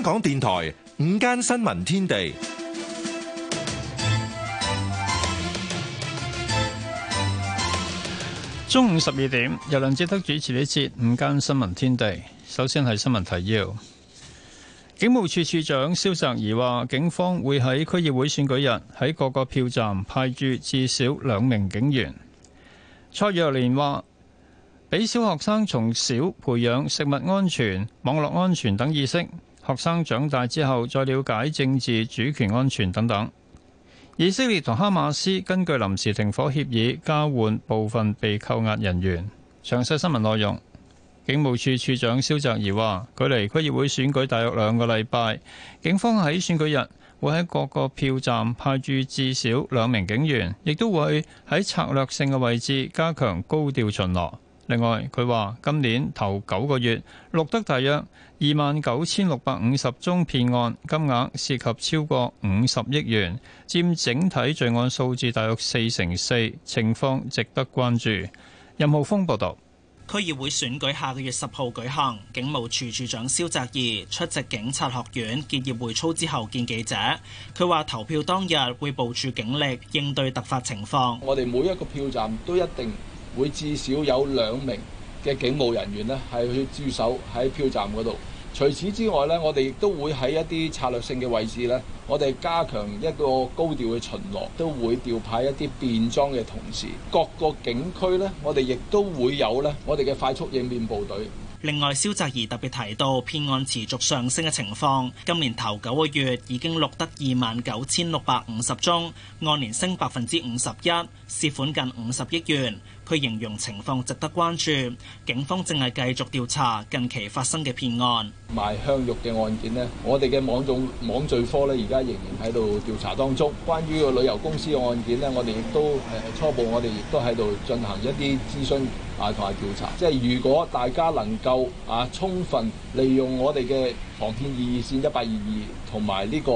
香港電台五間新聞天地，中午十二點由梁志德主持節。呢節五間新聞天地，首先係新聞提要。警務處處長蕭澤頤話，警方會喺區議會選舉日喺各個票站派駐至少兩名警員。蔡若蓮話，俾小學生從小培養食物安全、網絡安全等意識。學生長大之後再了解政治、主權、安全等等。以色列同哈馬斯根據臨時停火協議交換部分被扣押人員。詳細新聞內容，警務處處長蕭澤頤話：距離區議會選舉大約兩個禮拜，警方喺選舉日會喺各個票站派駐至少兩名警員，亦都會喺策略性嘅位置加強高調巡邏。另外，佢話今年頭九個月錄得大約二萬九千六百五十宗騙案，金額涉及超過五十億元，佔整體罪案數字大約四成四，情況值得關注。任浩峰報導。區議會選舉下個月十號舉行，警務處處長蕭澤頤出席警察學院結業會操之後見記者，佢話投票當日會部署警力應對突發情況。我哋每一個票站都一定會至少有兩名嘅警務人員呢，係去駐守喺票站嗰度。除此之外呢，我哋亦都會喺一啲策略性嘅位置呢，我哋加強一個高調嘅巡邏，都會調派一啲便裝嘅同事。各個警區呢，我哋亦都會有呢，我哋嘅快速應變部隊。另外，蕭澤頤特別提到，騙案持續上升嘅情況，今年頭九個月已經錄得二萬九千六百五十宗，按年升百分之五十一，涉款近五十億元。佢形容情況值得關注，警方正係繼續調查近期發生嘅騙案賣香肉嘅案件呢，我哋嘅網絡網罪科呢，而家仍然喺度調查當中。關於個旅遊公司嘅案件呢，我哋亦都係初步，我哋亦都喺度進行一啲諮詢啊同埋調查。即係如果大家能夠啊充分利用我哋嘅防騙易線一八二二同埋呢個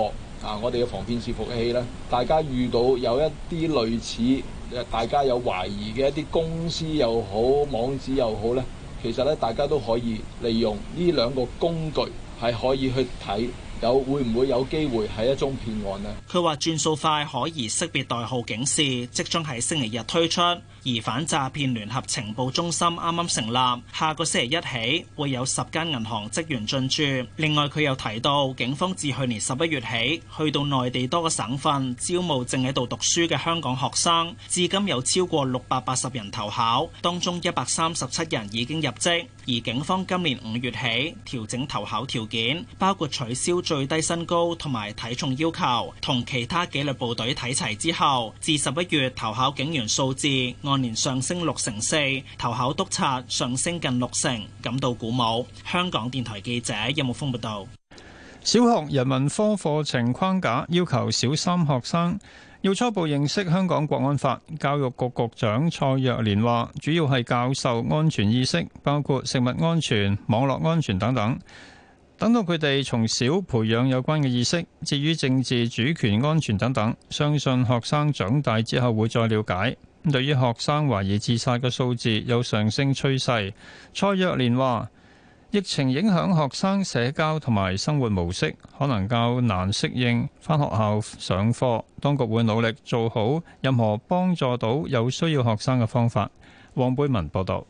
啊我哋嘅防騙視伏器呢，大家遇到有一啲類似。大家有懷疑嘅一啲公司又好，網址又好呢，其實呢，大家都可以利用呢兩個工具係可以去睇。有會唔會有機會係一宗騙案呢？佢話轉數快可疑識別代號警示，即將喺星期日推出。反詐騙聯合情報中心啱啱成立，下個星期一起會有十間銀行職員進駐。另外佢又提到，警方自去年十一月起去到內地多個省份招募正喺度讀書嘅香港學生，至今有超過六百八十人投考，當中一百三十七人已經入職。而警方今年五月起調整投考條件，包括取消。最低身高同埋體重要求，同其他紀律部隊睇齊之後，至十一月投考警員數字按年上升六成四，投考督察上升近六成，感到鼓舞。香港電台記者任木峰報道。小學人文科課程框架要求小三學生要初步認識香港國安法。教育局局長蔡若蓮話，主要係教授安全意識，包括食物安全、網絡安全等等。等到佢哋從小培養有關嘅意識，至於政治主權安全等等，相信學生長大之後會再了解。咁對於學生懷疑自殺嘅數字有上升趨勢，蔡若蓮話：疫情影響學生社交同埋生活模式，可能較難適應返學校上課。當局會努力做好任何幫助到有需要學生嘅方法。黃貝文報道。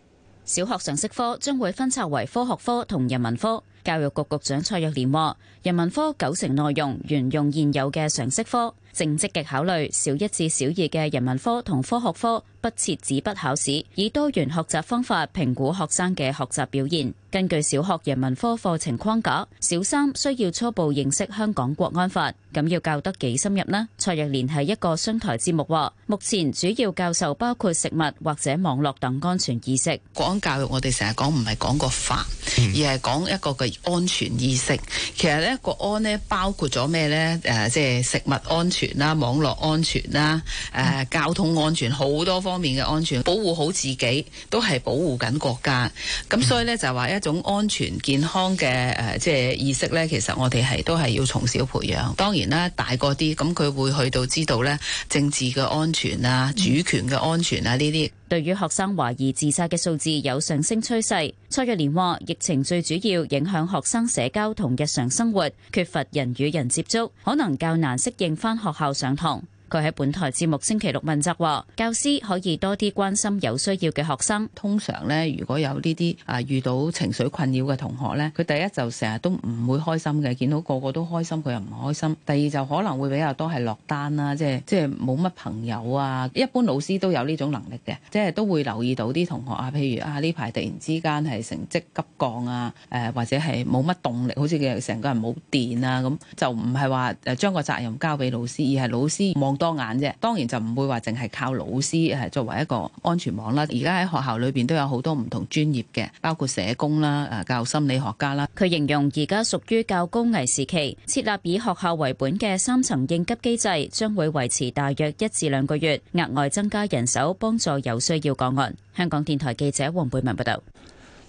小學常識科將會分拆為科學科同人文科。教育局局長蔡若蓮話，人文科九成內容沿用現有嘅常識科，正積極考慮小一至小二嘅人文科同科學科。不設紙筆考試，以多元學習方法評估學生嘅學習表現。根據小學人文科課程框架，小三需要初步認識香港國安法，咁要教得幾深入呢？蔡若蓮喺一個商台節目話，目前主要教授包括食物或者網絡等安全意識。國安教育我哋成日講，唔係講個法，而係講一個嘅安全意識。其實呢國安呢包括咗咩呢？誒、啊，即係食物安全啦，網絡安全啦，誒、啊，交通安全好多方。方面嘅安全，保護好自己都係保護緊國家。咁、嗯、所以咧，就係話一種安全健康嘅，誒、呃，即係意識咧。其實我哋係都係要從小培養。當然啦，大個啲咁佢會去到知道咧，政治嘅安全啊、主權嘅安全啊呢啲。對於學生懷疑自殺嘅數字有上升趨勢，蔡若蓮話：疫情最主要影響學生社交同日常生活，缺乏人與人接觸，可能較難適應翻學校上堂。佢喺本台節目星期六問責話：教師可以多啲關心有需要嘅學生。通常咧，如果有呢啲啊遇到情緒困擾嘅同學咧，佢第一就成日都唔會開心嘅，見到個個都開心，佢又唔開心。第二就可能會比較多係落單啦、啊，即係即係冇乜朋友啊。一般老師都有呢種能力嘅，即係都會留意到啲同學啊，譬如啊呢排突然之間係成績急降啊，誒、啊、或者係冇乜動力，好似佢成個人冇電啊咁，就唔係話將個責任交俾老師，而係老師望到。多眼啫，當然就唔會話淨係靠老師係作為一個安全網啦。而家喺學校裏邊都有好多唔同專業嘅，包括社工啦、誒、教心理學家教育心理學家啦。佢形容而家屬於較高危時期，設立以學校為本嘅三層應急機制，將會維持大約一至兩個月，額外增加人手幫助有需要個案。香港電台記者黃貝文報道。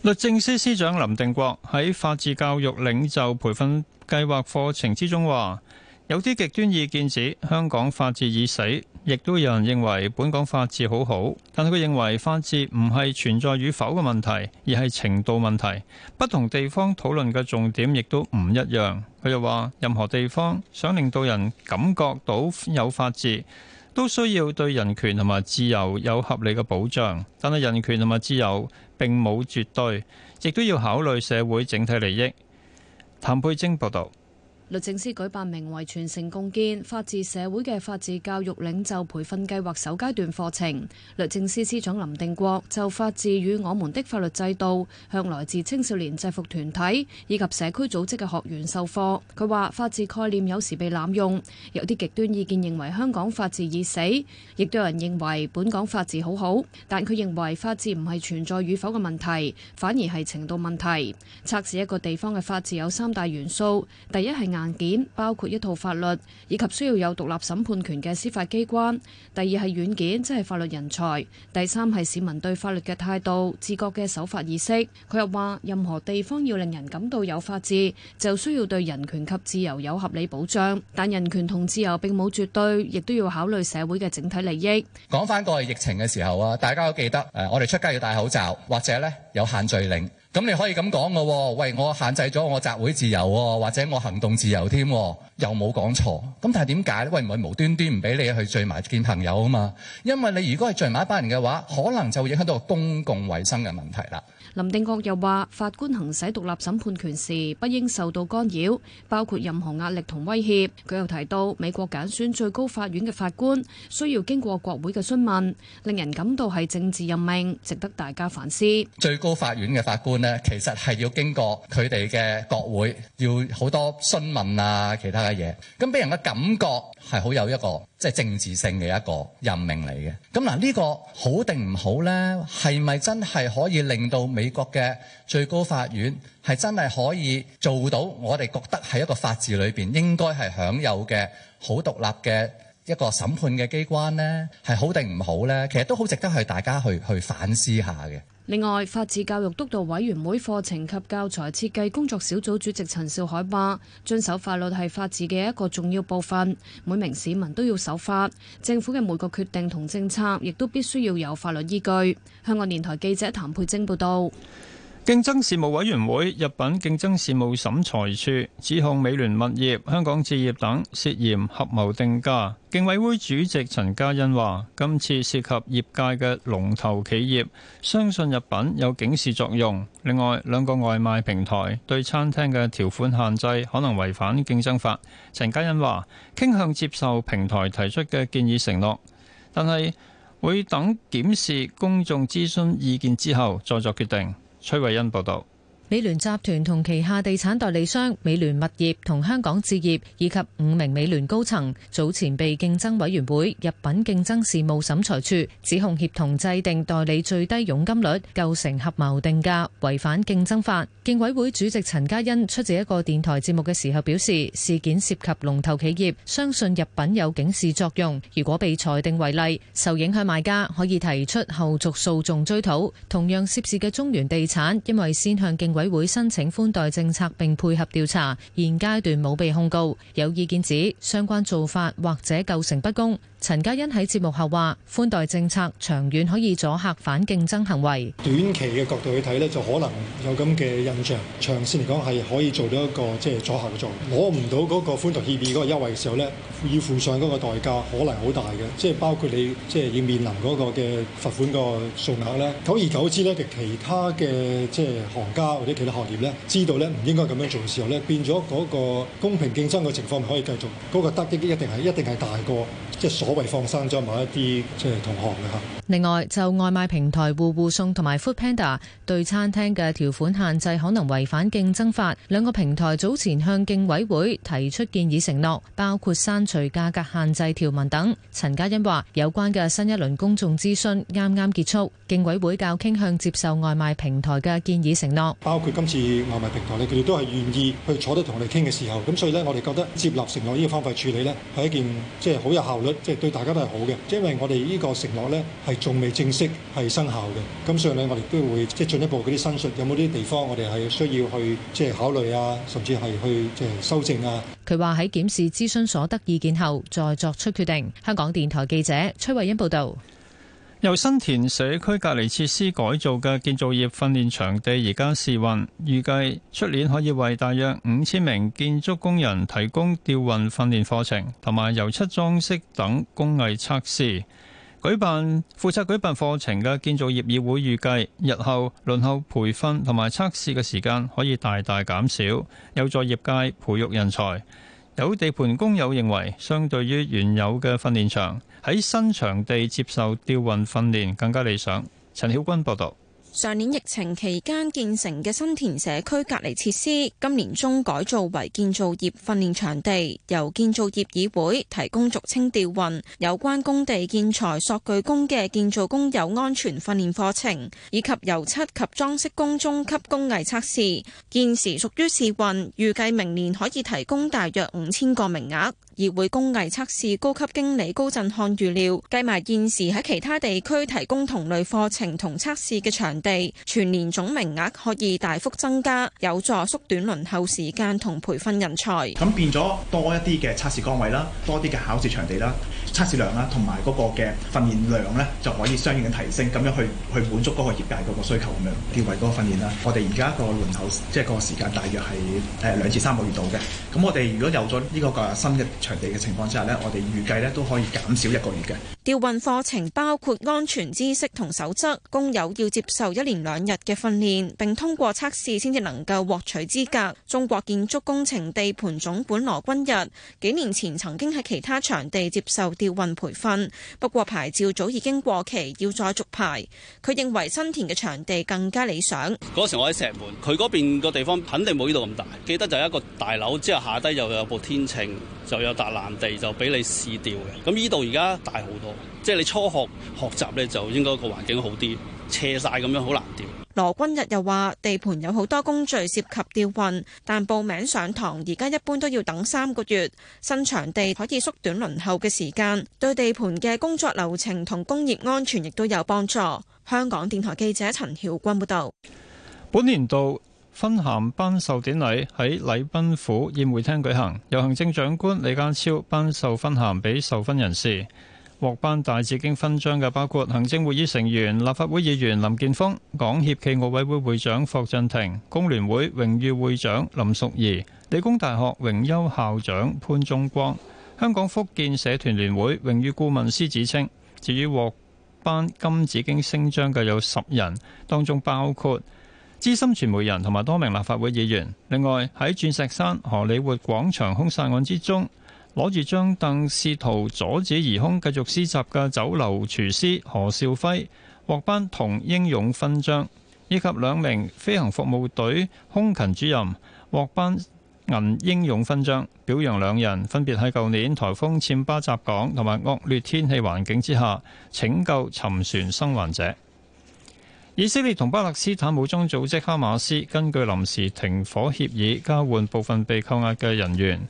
律政司司長林定國喺法治教育領袖培訓計劃課程之中話。有啲極端意見指香港法治已死，亦都有人認為本港法治好好。但係佢認為法治唔係存在與否嘅問題，而係程度問題。不同地方討論嘅重點亦都唔一樣。佢又話：任何地方想令到人感覺到有法治，都需要對人權同埋自由有合理嘅保障。但係人權同埋自由並冇絕對，亦都要考慮社會整體利益。譚佩晶報道。律政司舉辦名為「全城共建法治社會」嘅法治教育領袖培訓計劃首階段課程，律政司司長林定國就法治與我們的法律制度向來自青少年制服團體以及社區組織嘅學員授課。佢話：法治概念有時被濫用，有啲極端意見認為香港法治已死，亦都有人認為本港法治好好。但佢認為法治唔係存在與否嘅問題，反而係程度問題。測試一個地方嘅法治有三大元素，第一係，硬件包括一套法律，以及需要有獨立審判權嘅司法機關。第二係軟件，即係法律人才。第三係市民對法律嘅態度、自覺嘅守法意識。佢又話，任何地方要令人感到有法治，就需要對人權及自由有合理保障。但人權同自由並冇絕對，亦都要考慮社會嘅整體利益。講翻過去疫情嘅時候啊，大家都記得誒，我哋出街要戴口罩，或者呢有限聚令。咁你可以咁講嘅喎，喂，我限制咗我集會自由，或者我行動自由添，又冇講錯。咁但係點解？喂，唔會無端端唔俾你去聚埋見朋友啊嘛？因為你如果係聚埋一班人嘅話，可能就會影響到個公共衞生嘅問題啦。林定國又話：法官行使獨立審判權時，不應受到干擾，包括任何壓力同威脅。佢又提到美國揀選最高法院嘅法官，需要經過國會嘅詢問，令人感到係政治任命，值得大家反思。最高法院嘅法官呢。其實係要經過佢哋嘅國會，要好多詢問啊，其他嘅嘢，咁俾人嘅感覺係好有一個即係、就是、政治性嘅一個任命嚟嘅。咁嗱呢個好定唔好呢？係咪真係可以令到美國嘅最高法院係真係可以做到我哋覺得係一個法治裏邊應該係享有嘅好獨立嘅？一個審判嘅機關呢，係好定唔好呢？其實都好值得去大家去去反思一下嘅。另外，法治教育督導委員會課程及教材設計工作小組主席陳兆海話，遵守法律係法治嘅一個重要部分，每名市民都要守法，政府嘅每個決定同政策亦都必須要有法律依據。香港電台記者譚佩晶報道。競爭事務委員會入稟競爭事務審裁處，指控美聯物業、香港置業等涉嫌合謀定價。競委會主席陳家欣話：今次涉及業界嘅龍頭企業，相信入稟有警示作用。另外，兩個外賣平台對餐廳嘅條款限制可能違反競爭法。陳家欣話：傾向接受平台提出嘅建議承諾，但係會等檢視公眾諮詢意見之後再作決定。崔慧欣報道。美聯集團同旗下地產代理商美聯物業同香港置業以及五名美聯高層，早前被競爭委員會入稟競爭事務審裁處，指控協同制定代理最低佣金率，構成合謀定價，違反競爭法。競委會主席陳嘉欣出席一個電台節目嘅時候表示，事件涉及龍頭企業，相信入稟有警示作用。如果被裁定違例，受影響賣家可以提出後續訴訟追討。同樣涉事嘅中原地產，因為先向競委會申請寬待政策，並配合調查，現階段冇被控告。有意見指相關做法或者構成不公。陳嘉欣喺節目後話：寬待政策長遠可以阻嚇反競爭行為。短期嘅角度去睇呢，就可能有咁嘅印象。長線嚟講係可以做到一個即係阻嚇嘅作用。攞唔到嗰個寬待協議嗰個優惠嘅時候呢，要付上嗰個代價，可能好大嘅。即係包括你即係、就是、要面臨嗰個嘅罰款個數額咧。久而久之呢，其他嘅即係行家或者其他行業呢，知道呢唔應該咁樣做嘅時候呢，變咗嗰個公平競爭嘅情況咪可以繼續嗰、那個得益一定係一定係大過。即係所謂放生咗某一啲即、即係、同行嘅。另外就外賣平台戶戶送同埋 Foodpanda 對餐廳嘅條款限制可能違反競爭法。兩個平台早前向競委會提出建議承諾，包括刪除價格限制條文等。陳嘉欣話：有關嘅新一輪公眾諮詢啱啱結束，競委會較傾向接受外賣平台嘅建議承諾，包括今次外賣平台，你佢哋都係願意去坐得同我哋傾嘅時候，咁所以呢，我哋覺得接納承諾呢個方法處理呢，係一件即係好有效率。即係對大家都係好嘅，因為我哋呢個承諾呢係仲未正式係生效嘅，咁所以咧我哋都會即係進一步啲申述，有冇啲地方我哋係需要去即係考慮啊，甚至係去即係修正啊。佢話喺檢視諮詢所得意見後再作出決定。香港電台記者崔慧欣報道。由新田社區隔離設施改造嘅建造業訓練場地而家試運，預計出年，可以為大約五千名建築工人提供吊運訓練課程，同埋油漆裝飾等工藝測試。舉辦，負責舉辦課程嘅建造業議會預計，日後輪候培訓同埋測試嘅時間可以大大減少，有助業界培育人才。有地盤工友認為，相對於原有嘅訓練場，喺新場地接受吊運訓練更加理想。陳曉君報道。上年疫情期間建成嘅新田社區隔離設施，今年中改造為建造業訓練場地，由建造業議會提供俗稱吊運有關工地建材索具工嘅建造工友安全訓練課程，以及油漆及裝飾工中級工藝測試。現時屬於試運，預計明年可以提供大約五千個名額。業會工藝測試高級經理高振漢預料，計埋現時喺其他地區提供同類課程同測試嘅場地，全年總名額可以大幅增加，有助縮短輪候時間同培訓人才。咁變咗多一啲嘅測試崗位啦，多啲嘅考試場地啦，測試量啦，同埋嗰個嘅訓練量呢，就可以相應嘅提升，咁樣去去滿足嗰個業界嗰個需求咁樣，調為嗰個訓練啦。我哋而家個輪候即係、就是、個時間大約係誒兩至三個月度嘅。咁我哋如果有咗呢個個新嘅場地嘅情況之下咧，我哋預計咧都可以減少一個月嘅。調運課程，包括安全知識同守則，工友要接受一連兩日嘅訓練，並通過測試先至能夠獲取資格。中國建築工程地盤總管羅君日幾年前曾經喺其他場地接受調運培訓，不過牌照早已經過期，要再續牌。佢認為新田嘅場地更加理想。嗰時，我喺石門，佢嗰邊個地方肯定冇呢度咁大，記得就一個大樓之後下低又有部天秤，就有。達蘭地就俾你試掉嘅，咁依度而家大好多，即係你初學學習呢，就應該個環境好啲，斜晒咁樣好難掉。羅君日又話：地盤有好多工序涉及吊運，但報名上堂而家一般都要等三個月。新場地可以縮短輪候嘅時間，對地盤嘅工作流程同工業安全亦都有幫助。香港電台記者陳曉君報道。本年度勳銜頒授典禮喺禮賓府宴會廳舉行，由行政長官李家超頒授勳銜俾受勳人士。獲頒大紫荊勳章嘅包括行政會議成員、立法會議員林建峰、港協暨奧委會會長霍震霆、工聯會榮譽會長林淑儀、理工大學榮休校長潘宗光、香港福建社團聯會榮譽顧問施子清。至於獲頒金紫荊星章嘅有十人，當中包括。資深傳媒人同埋多名立法會議員，另外喺鑽石山荷里活廣場兇殺案之中，攞住張凳試圖阻止疑兇繼續施襲嘅酒樓廚師何少輝獲頒銅英勇勳章，以及兩名飛行服務隊空勤主任獲頒銀英勇勳章，表揚兩人分別喺舊年颱風暹芭襲港同埋惡劣天氣環境之下拯救沉船生還者。以色列同巴勒斯坦武裝組織哈馬斯根據臨時停火協議交換部分被扣押嘅人員。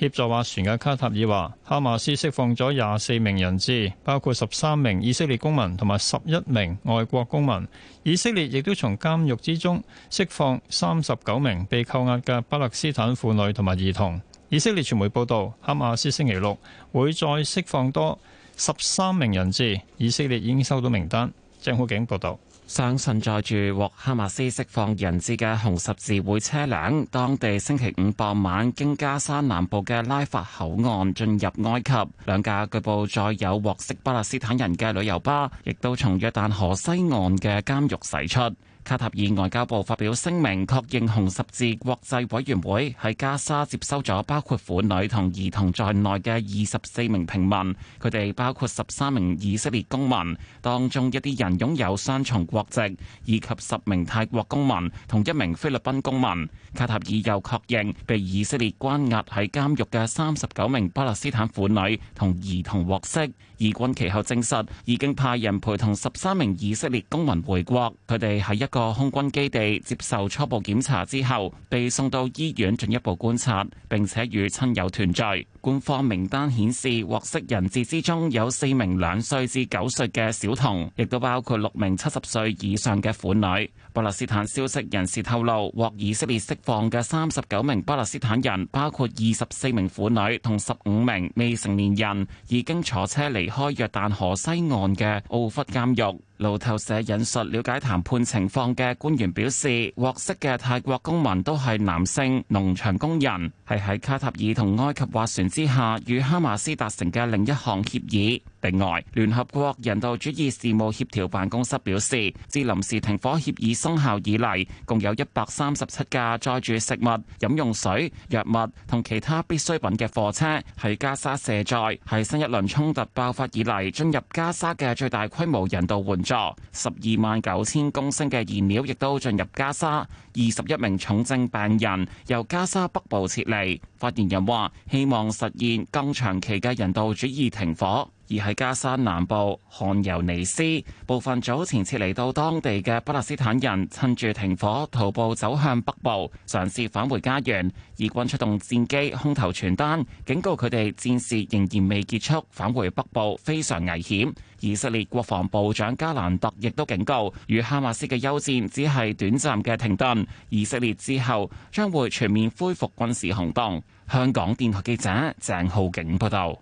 協助話船嘅卡塔爾話，哈馬斯釋放咗廿四名人質，包括十三名以色列公民同埋十一名外國公民。以色列亦都從監獄之中釋放三十九名被扣押嘅巴勒斯坦婦女同埋兒童。以色列傳媒報道，哈馬斯星期六會再釋放多十三名人質。以色列已經收到名單。政府警報道。相信載住獲哈馬斯釋放人質嘅紅十字會車輛，當地星期五傍晚經加沙南部嘅拉法口岸進入埃及。兩架據報載有獲釋巴勒斯坦人嘅旅遊巴，亦都從約旦河西岸嘅監獄駛出。卡塔爾外交部發表聲明，確認紅十字國際委員會喺加沙接收咗包括婦女同兒童在內嘅二十四名平民，佢哋包括十三名以色列公民，當中一啲人擁有雙重國籍，以及十名泰國公民同一名菲律賓公民。卡塔爾又確認被以色列關押喺監獄嘅三十九名巴勒斯坦婦女同兒童獲釋。以軍其後證實已經派人陪同十三名以色列公民回國，佢哋喺一個空軍基地接受初步檢查之後，被送到醫院進一步觀察，並且與親友團聚。官方名單顯示獲釋人質之中有四名兩歲至九歲嘅小童，亦都包括六名七十歲以上嘅婦女。巴勒斯坦消息人士透露，獲以色列釋放嘅三十九名巴勒斯坦人，包括二十四名婦女同十五名未成年人，已經坐車離開約旦河西岸嘅奧弗監獄。路透社引述了解談判情況嘅官員表示，獲釋嘅泰國公民都係男性農場工人，係喺卡塔爾同埃及划船。之下與哈馬斯達成嘅另一項協議。另外，聯合國人道主義事務協調辦公室表示，自臨時停火協議生效以嚟，共有一百三十七架載住食物、飲用水、藥物同其他必需品嘅貨車喺加沙卸載，係新一輪衝突爆發以嚟進入加沙嘅最大規模人道援助。十二萬九千公升嘅燃料亦都進入加沙。二十一名重症病人由加沙北部撤離。發言人話：希望，實現更長期嘅人道主義停火，而喺加沙南部漢尤尼斯，部分早前撤離到當地嘅巴勒斯坦人，趁住停火徒步走向北部，嘗試返回家園。以軍出動戰機空投傳單，警告佢哋戰事仍然未結束，返回北部非常危險。以色列國防部長加蘭特亦都警告，與哈馬斯嘅休戰只係短暫嘅停頓，以色列之後將會全面恢復軍事行動。香港電台記者鄭浩景報道，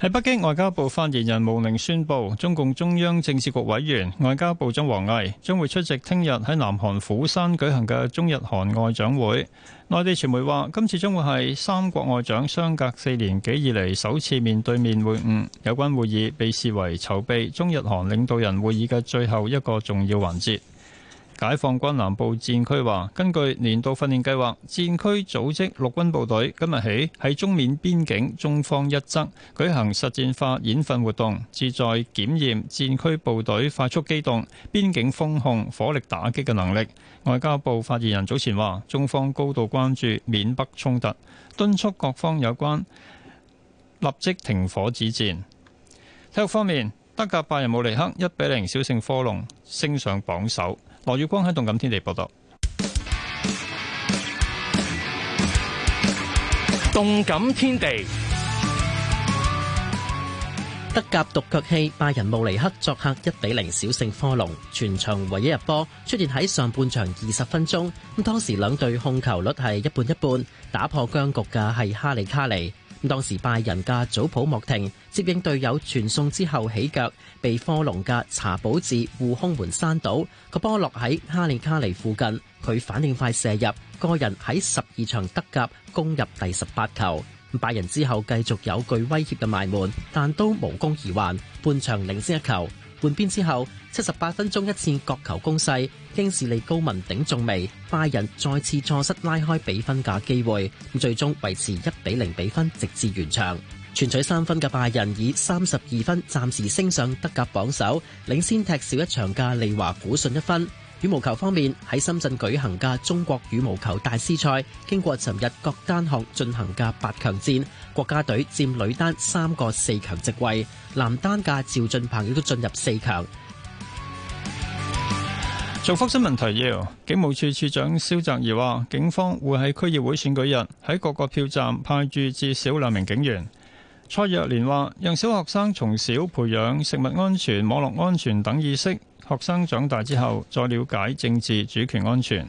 喺北京外交部發言人毛寧宣布，中共中央政治局委員、外交部長王毅將會出席聽日喺南韓釜山舉行嘅中日韓外長會。內地傳媒話，今次將會係三國外長相隔四年幾以嚟，首次面對面會晤，有關會議被視為籌備中日韓領導人會議嘅最後一個重要環節。解放軍南部戰區話，根據年度訓練計劃，戰區組織陸軍部隊今日起喺中緬邊境中方一側舉行實戰化演訓活動，旨在檢驗戰區部隊快速機動、邊境封控、火力打擊嘅能力。外交部發言人早前話，中方高度關注緬北衝突，敦促各方有關立即停火止戰。體育方面，德甲拜仁慕尼黑一比零小勝科隆，升上榜首。羅宇光喺動感天地報道。動感天地，德甲獨腳戲拜仁慕尼黑作客一比零小勝科隆，全場唯一入波出現喺上半場二十分鐘。咁當時兩隊控球率係一半一半，打破僵局嘅係哈利卡尼。當時拜仁嘅祖普莫廷接應隊友傳送之後起腳，被科隆嘅查保治護空門山倒，個波落喺哈利卡尼附近，佢反應快射入，個人喺十二場德甲攻入第十八球。拜仁之後繼續有具威脅嘅埋門，但都無功而還，半場領先一球。換邊之後。七十八分鐘一次角球攻勢，京士利高文頂中楣，拜仁再次錯失拉開比分嘅機會。最終維持一比零比分，直至完場，全取三分嘅拜仁以三十二分暫時升上德甲榜首，領先踢少一場嘅利華古遜一分。羽毛球方面喺深圳舉行嘅中國羽毛球大師賽，經過尋日各單項進行嘅八強戰，國家隊佔女單三個四強席位，男單嘅趙俊鵬亦都進入四強。做福新聞提要，警務處處長蕭澤頤話，警方會喺區議會選舉日喺各個票站派駐至少兩名警員。蔡若蓮話，讓小學生從小培養食物安全、網絡安全等意識，學生長大之後再了解政治主權安全。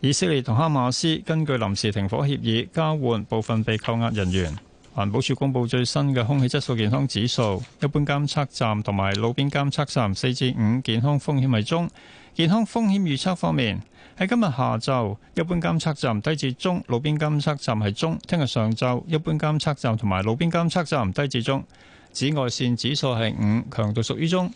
以色列同哈馬斯根據臨時停火協議交換部分被扣押人員。環保署公布最新嘅空氣質素健康指數，一般監測站同埋路邊監測站四至五，健康風險為中。健康風險預測方面，喺今日下晝一般監測站低至中，路邊監測站係中；聽日上晝一般監測站同埋路邊監測站低至中，紫外線指數係五，強度屬於中。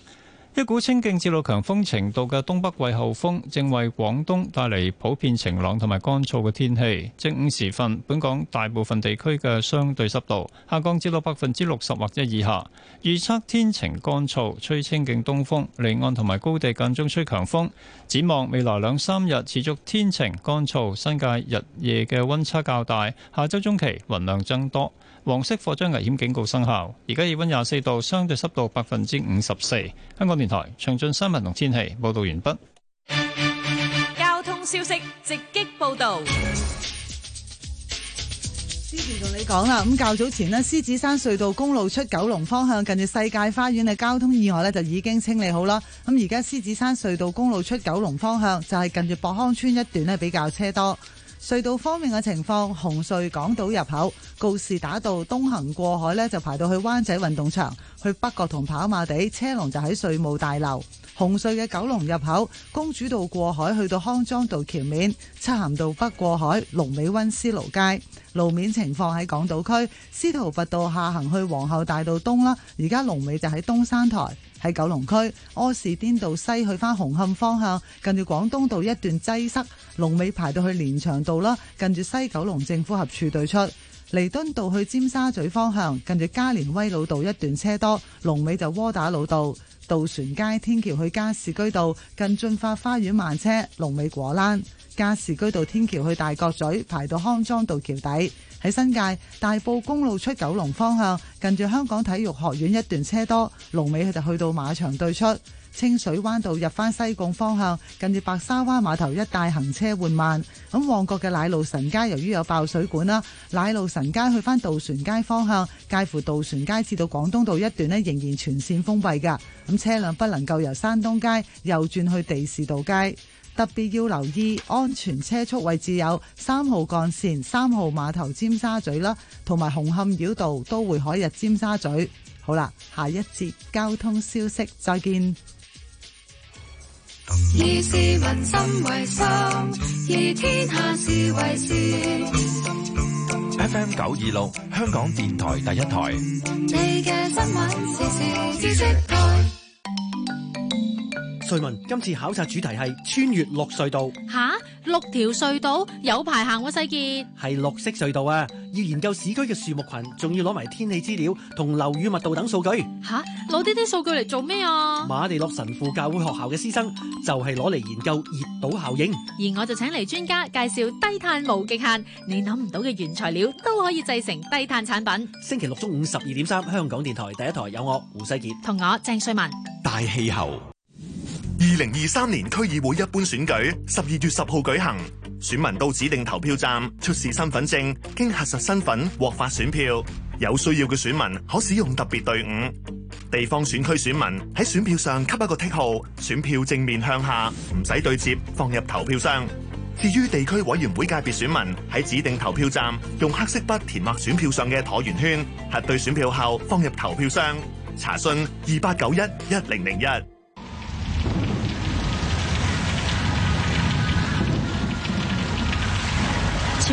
一股清勁至到強風程度嘅東北季候風，正為廣東帶嚟普遍晴朗同埋乾燥嘅天氣。正午時分，本港大部分地區嘅相對濕度下降至到百分之六十或者以下。預測天晴乾燥，吹清勁東風，離岸同埋高地間中吹強風。展望未來兩三日持續天晴乾燥，新界日夜嘅温差較大。下周中期雲量增多。黃色火災危險警告生效，而家氣溫廿四度，相對濕度百分之五十四。香港電台詳盡新聞同天氣報道完畢。交通消息直擊報道。之前同你講啦，咁較早前咧，獅子山隧道公路出九龍方向近住世界花園嘅交通意外呢就已經清理好啦。咁而家獅子山隧道公路出九龍方向就係近住博康村一段呢比較車多。隧道方面嘅情況，紅隧港島入口告士打道東行過海呢，就排到去灣仔運動場；去北角同跑馬地車龍就喺稅務大樓。紅隧嘅九龍入口公主道過海去到康莊道橋面，漆咸道北過海龍尾溫思勞街路面情況喺港島區司徒拔道下行去皇后大道東啦，而家龍尾就喺東山台。喺九龍區柯士甸道西去翻紅磡方向，近住廣東道一段擠塞，龍尾排到去連翔道啦。近住西九龍政府合署對出，彌敦道去尖沙咀方向，近住加連威老道一段車多，龍尾就窩打老道，渡船街天橋去加士居道近駿發花園慢車，龍尾果欄，加士居道天橋去大角咀，排到康莊道橋底。喺新界大埔公路出九龍方向，近住香港體育學院一段車多，龍尾佢就去到馬場對出。清水灣道入翻西貢方向，近住白沙灣碼頭一帶行車緩慢。咁旺角嘅奶路臣街，由於有爆水管啦，奶路臣街去翻渡船街方向，介乎渡船街至到廣東道一段呢，仍然全綫封閉噶，咁車輛不能夠由山東街右轉去地士道街。特別要留意安全車速位置有三號幹線、三號碼頭、尖沙咀啦，同埋紅磡繞道都會海日尖沙咀。好啦，下一節交通消息再見。以民心為心，以天下事為事。FM 九二六，香港電台第一台。你嘅新聞，時事知識台。瑞文今次考察主題係穿越六隧道。吓，六條隧道有排行啊，世杰。係綠色隧道啊，要研究市區嘅樹木群，仲要攞埋天氣資料同樓宇密度等數據。吓，攞呢啲數據嚟做咩啊？瑪利諾神父教會學校嘅師生就係攞嚟研究熱島效應。而我就請嚟專家介紹低碳無極限，你諗唔到嘅原材料都可以製成低碳產品。星期六中午十二點三，香港電台第一台有我胡世杰，同我鄭瑞文，大氣候。二零二三年區議會一般選舉十二月十號舉行，選民到指定投票站出示身份證，經核實身份獲發選票。有需要嘅選民可使用特別隊伍。地方選區選民喺選票上給一個剔號，選票正面向下，唔使對折，放入投票箱。至於地區委員會界別選民喺指定投票站用黑色筆填畫選票上嘅橢圓圈，核對選票後放入投票箱。查詢二八九一一零零一。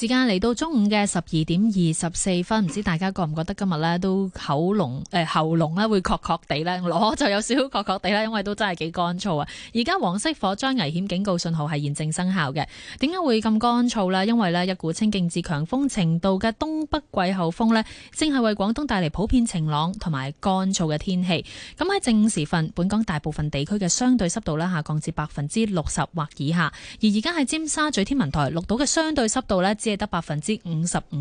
時間嚟到中午嘅十二點二十四分，唔知大家覺唔覺得今日咧都口龍誒喉龍咧、呃、會確確地咧，我就有少少確確地啦，因為都真係幾乾燥啊！而家黃色火災危險警告信號係現正生效嘅。點解會咁乾燥呢？因為呢一股清勁至強風程度嘅東北季候風呢，正係為廣東帶嚟普遍晴朗同埋乾燥嘅天氣。咁喺正午時分，本港大部分地區嘅相對濕度呢，下降至百分之六十或以下。而而家喺尖沙咀天文台錄到嘅相對濕度呢。只得百分之五十五。